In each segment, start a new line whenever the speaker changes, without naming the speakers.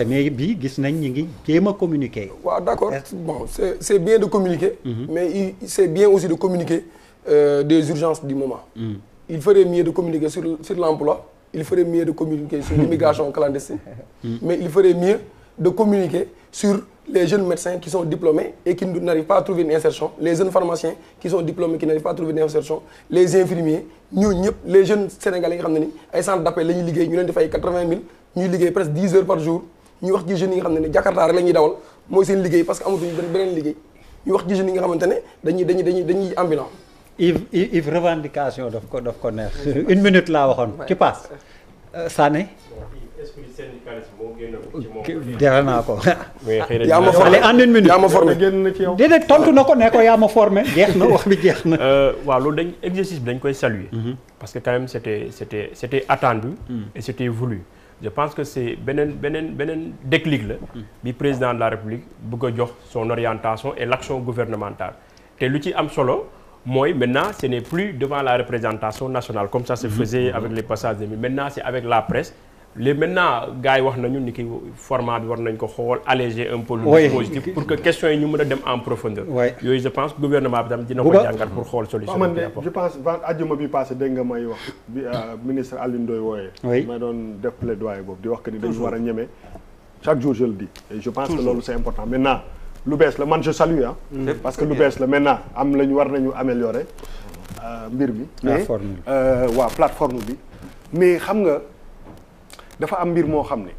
mais bi gis nañ ñi ngi jéem a communiquer.
waaw d' accord bon c' bien de communiquer. Mhm. mais il c' est bien aussi de communiquer euh, des urgences du moment. Mhm. il ferait mieux de communiquer sur sur l' emploi il ferait mieux de communiquer sur l'immigration clandestine. Mhm. mais il ferait mieux de communiquer sur les jeunes médecins qui sont diplômés et qui n'arrivent pas trouver une insertion les jeunes pharmaciens qui sont diplômés qui n'arrivent pas trouver une insertion les infirmiers ñooñu ñu wax ci jeunes yi nga xam ne ne Jakarta rek la ñuy dawal mooy seen liggéey parce que amatuñu beneen liggéey ñu wax ci jeunes yi nga xamante ne dañuy dañuy dañuy dañuy
ambulant Yves Yves revendication daf ko daf ko neex une minute laa waxoon qui passe euh, Sané
defe
naa ko. yaa ma formé en une minute yaa ma formé déedéet tontu na ko ko yaa ma formé jeex na wax bi
jeex na. Euh, waaw loolu dañ exercice bi dañ koy saluer. Mhm. parce que quand même c'était c'était c'était attendu. Mhm. et c'était voulu. je pense que c'est beneen beneen beneen déclic la hmm. bi président de la république bëgg a jox son orientation et l'action gouvernementale te lu ci am solo mooy maintenant ce n'est plus devant la représentation nationale comme ça se hmm. faisait hmm. avec les passages de maintenant c'est avec la presse léegi maintenant gars yi wax nañu ni ki format bi war nañ ko xool alléger un peu. le dispositif pour que question yi ñu mën a dem en profondeur. yooyu je pense gouvernement bi tam dina ko jàngat pour xool solution. man de
je pense ban àjjuma bi passé dégg may wax euh, ministre Alioune Ndoye wooyee. may doon def plaidoyer boobu di wax que ni dañu war a ñeme. chaque jour je le dis. et je pense que loolu c'est important maintenant lu bees la man je salue mm. parce que lu bees la maintenant am lañu war nañu améliorer euh, mbir euh, bi. mais nga. dafa am mbir moo xam ne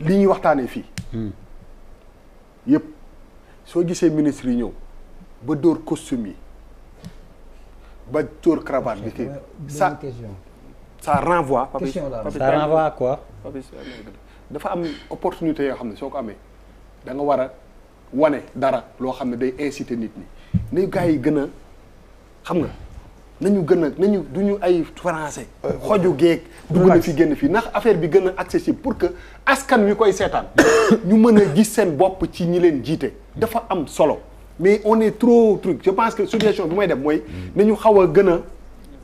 li ñuy waxtaanee fii. Hmm. yëpp soo gisee ministre yi ñëw ba dóor costume yi ba dóor cravate bi. ça
ça renvoie. question la ça renvoie à quoi.
dafa
am opportunité yoo xam ne soo ko amee da nga war a wane dara loo xam ne day inciter nit ñi ni gars yi gën a xam nga. nañu gën a nañu du ñu ay français. xoju geeg dugg na si génn fii ndax affaire bi gën a accessible pour que askan wi koy seetaan ñu mën a gis seen bopp ci ñi leen jiite. dafa am solo mais on est trop truc je pense que suggestion bi may dem mooy mm. nañu xaw a gën a.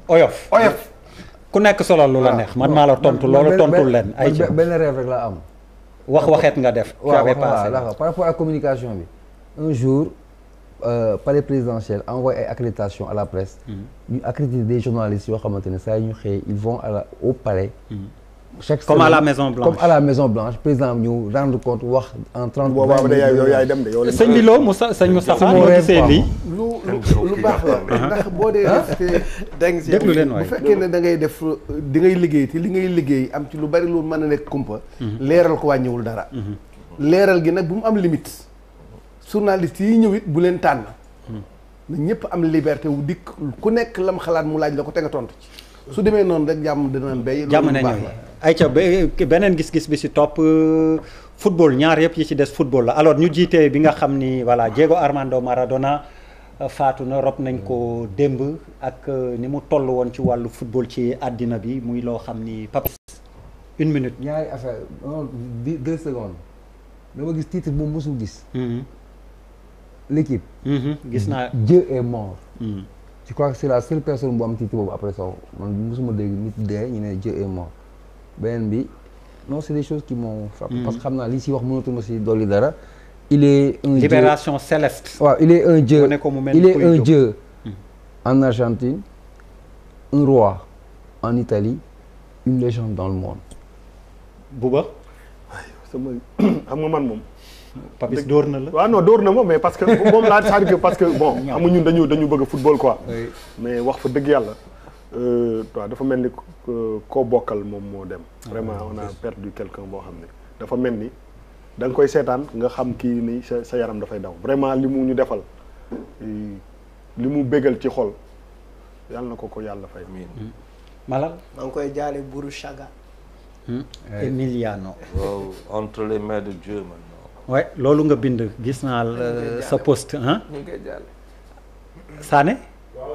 oyof
oyof. ku nekk solo lu la neex. man maa la tontu loolu tontul leen. ay ci
benn rêve rek la am.
wax waxeet nga def. waaw waaw
par rapport communication bi un jour. Euh, palais présidentiel envoyé ay accréditation à la presse. Mhm. ñu accrédité des yoo xamante
ne saa yu ñu xëyee ils vont à la au palais. Mhm. chaque comme la Maison Blanche comme à la
Maison Blanche président ñu rendre compte wax en trente. waaw da yow de yow. sëñ bi loo Moussa
sëñ boo dee. déglu leen waay bu fekkee ne
da ngay def di ngay liggéey te li ngay liggéey am ci lu bari lu mën a nekk kumpa. Mhm. leeral ko wàññiwul dara. leeral gi nag bu mu am limite. journaliste yi ñëw it bu leen tànn. Hmm. na ñëpp am liberté wu dikk ku nekk lam xalaat mu laaj la ko te tontu ci.
su demee noonu rek jàmm dinañ béy. jàmm nañu ay ca beneen gis-gis bi si topp euh, football ñaar yëpp yi ci des football la alors ñu jiitee bi nga xam ni voilà Diego Armando Maradona euh, faatu na rob nañ ko démb ak euh, ni mu toll woon ci wàllu football ci àddina bi muy loo xam ni Papis une minute. ñaari affaire dama gis titre bu musul gis. Mm-hmm. l'équipe mm-hmm. gis mm-hmm. naa Dieu est mort je mm-hmm.
crois que la seule personne bu am titre boobu après Sow man mosuma dégg nit dee ñu ne Dieu est mort beneen bi non c'est des choses qui m'ont frappé parce que xam naa li si wax mënatuma si dolli dara il est un libération
dieu. céleste waaw ouais, il est un dieu il est un dieu
en un roi en dans
le Papis dóor na la. waaw non dóor na ma mais parce que moom laa c'est-à-dire parce que bon amu ñun dañu dañu bëgg football quoi. mais wax fa dëgg yàlla. Euh, waaw dafa mel ni koo bokkal moom moo dem. Ah, vraiment per du perdu quelqu'un boo xam ne dafa mel ni danga koy seetaan nga xam kii ni sa yaram dafay daw vraiment li mu ñu defal li mu béggal ci xol yàlla na ko ko yàlla fay.
Hmm. malal maa ngi koy jaale Buru Chaga.
Hmm. Eh. Emiliano. waaw
man.
oui loolu nga bind gis naa sa post ah. ñu ngi koy jàll. Sané. waaw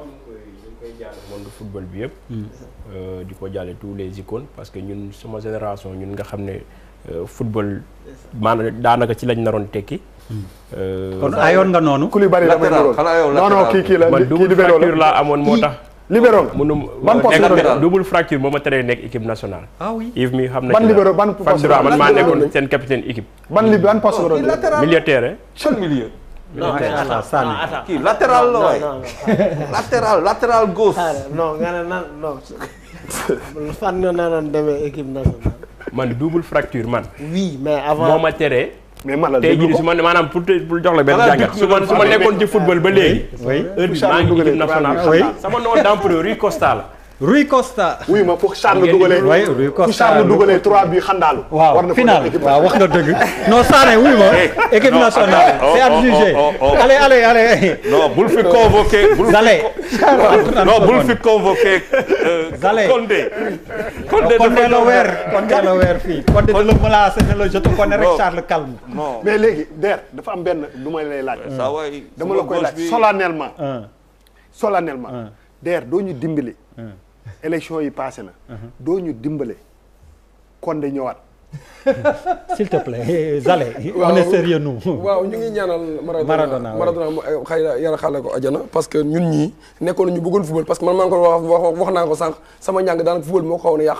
football bi yëpp. Hmm. Euh, di ko jàlle tous les icônes parce que ñun suma génération ñun nga xam ne euh, football. maanaam daanaka ci lañ naroon tekki.
Hmm. Euh, kon ayoon nga noonu. Koulibarly la may naroon non non kii kii la kii la laa amoon moo
tax. libéro ban poste la double fracture moo ma teree nekk équipe nationale. ah oui Yves mi xam na ban libéro ban poste la man maa nekkoon seen capitaine équipe. ban li ban poste la milieu terrain. seul milieu. non kii latéral
la ne nan non.
fan nga man double fracture man. oui mais avant moo ma teree. mais man tey jii su ma maanaam pour pour jox la benn jàngat su ma su ma nekkoon ci football ba léegi. heure bi maa ngi équipe nationale sama noon d'empereur Rui Costa la Rui Costa. oui ma pour Charles dugalee oui Rui Costa
waaw final
wax nga dëgg. non Sané wuy ma. équipe nationale c'est adjugé. allez allez allez. non bul fi convoqué. Zale. Euh, Condé. Condé la weer fii. Condé dina mën a sëñ la
je te rek Charles
calme. mais
léegi Der dafa am benn du ma lay laaj. dama la koy laaj solennellement. solennellement. doo ñu dimbali. élection yi paase na. Uh-huh. doo ñu dimbale. Condé ñëwaat.
s'il te plaît Zale. on est waaw
ñu ngi ñaanal
Maradona Maradona
xëy na yàlla xaale ko ajana parce que ñun ñii nekkoon ñu bëggoon football parce que man maa ko wax wax wax naa ko sànq sama njàng daanaka moo ko xawoon a yàq.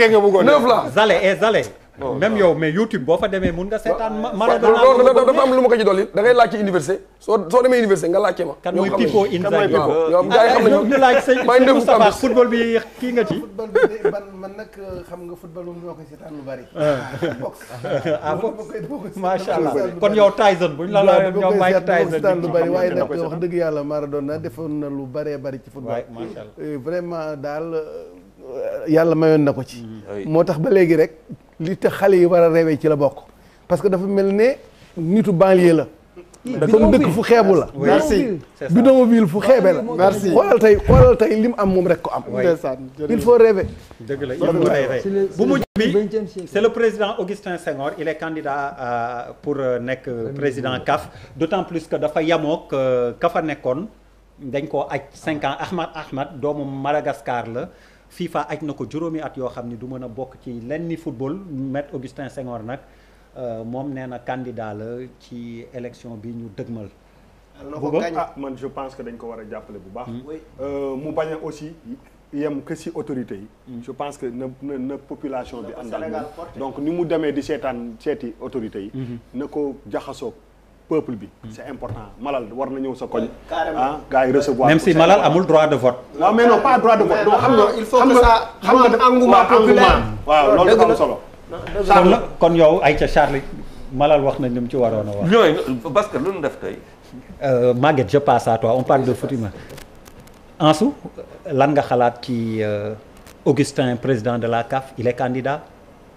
rek nga bëggoon neuf la zale et eh, zale même yow mais YouTube
boo fa demee mun nga seetaan Maradona dafa am lu ma ko ci dolli da ngay laaj ci université soo soo demee université
nga laajte ma kan mooy Pipo Inzaghi ñoom gars yi eh, xam nañu ñu laaj sëñ Moustapha football bi kii nga ci football
bi ban man nag euh, xam nga football moom ñoo koy seetaan lu bari box ah box ah, macha allah kon yow Tyson buñ la la ñoom Mike Tyson lu bari waaye nag wax dëgg yàlla Maradona defoon na lu baree bari ci football vraiment daal euh, yàlla mayoon na ko ci. Mm-hmm. moo tax ba léegi rek li tax xale yi war a rewee ci la bokk. parce que dafa mel ne nitu banlieue la. comme dëkk fu xeebu la. merci bidonville fu xeebe la. merci xoolal tey xoolal tey lim am moom rek ko am.
il faut rêver. dëgg la il faut bi c'est le président Augustin Senghor il est candidat euh, pour euh, nekk euh, président CAF d'autant plus que dafa yamook ka fa nekkoon dañ ko aj cinq ans Ahmad Ahmad doomu Madagascar la. FIFA aj na ko juróomi at yoo xam ni du mën a bokk ci lenn football Maître Augustin Senghor nag euh, moom nee na candidat la ci élection bi ñu dëgmal.
bu ah man je pense que dañ ko war a jàppale bu baax. Hmm.
Euh, mu bañ a aussi yem que si
autorité yi. Hmm. je pense que na na na population bi. àndal donc ni mu demee di seetaan seeti autorité yi. Hmm. na ko jaxasoo. peuple bi. c' est important Malal war na ñëw sa koñ. ah
gars yi recevoir. même si Malal amul droit de vote.
waaw mais pas droit de vote. xam nga il faut que ça xam nga engouement populaire
waaw loolu dafa am solo. dëgg kon yow Aïcha Charlie Malal wax nañ li mu ci waroon a wax. ñooy parce que lu ñu def tey. Euh, Maguette je passe à on parle de Foutima. Ansou lan nga xalaat ci euh, Augustin président de la CAF il est candidat.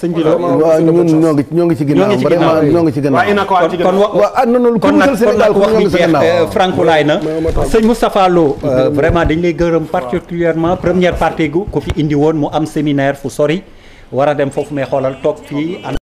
sëñ bi waaw ñun
ñoo ngi ñoo ngi ci ginnaaw vraiment ñoo ngi ci ginnaaw kon waaw ah non non ku ñu jël Sénégal kon wax bi jeex euh, Franco laay na sëñ Moustapha Lo euh, euh, vraiment dañ lay gërëm particulièrement première partie gu ku fi indi woon mu am séminaire fu sori war a dem foofu may xoolal toog fii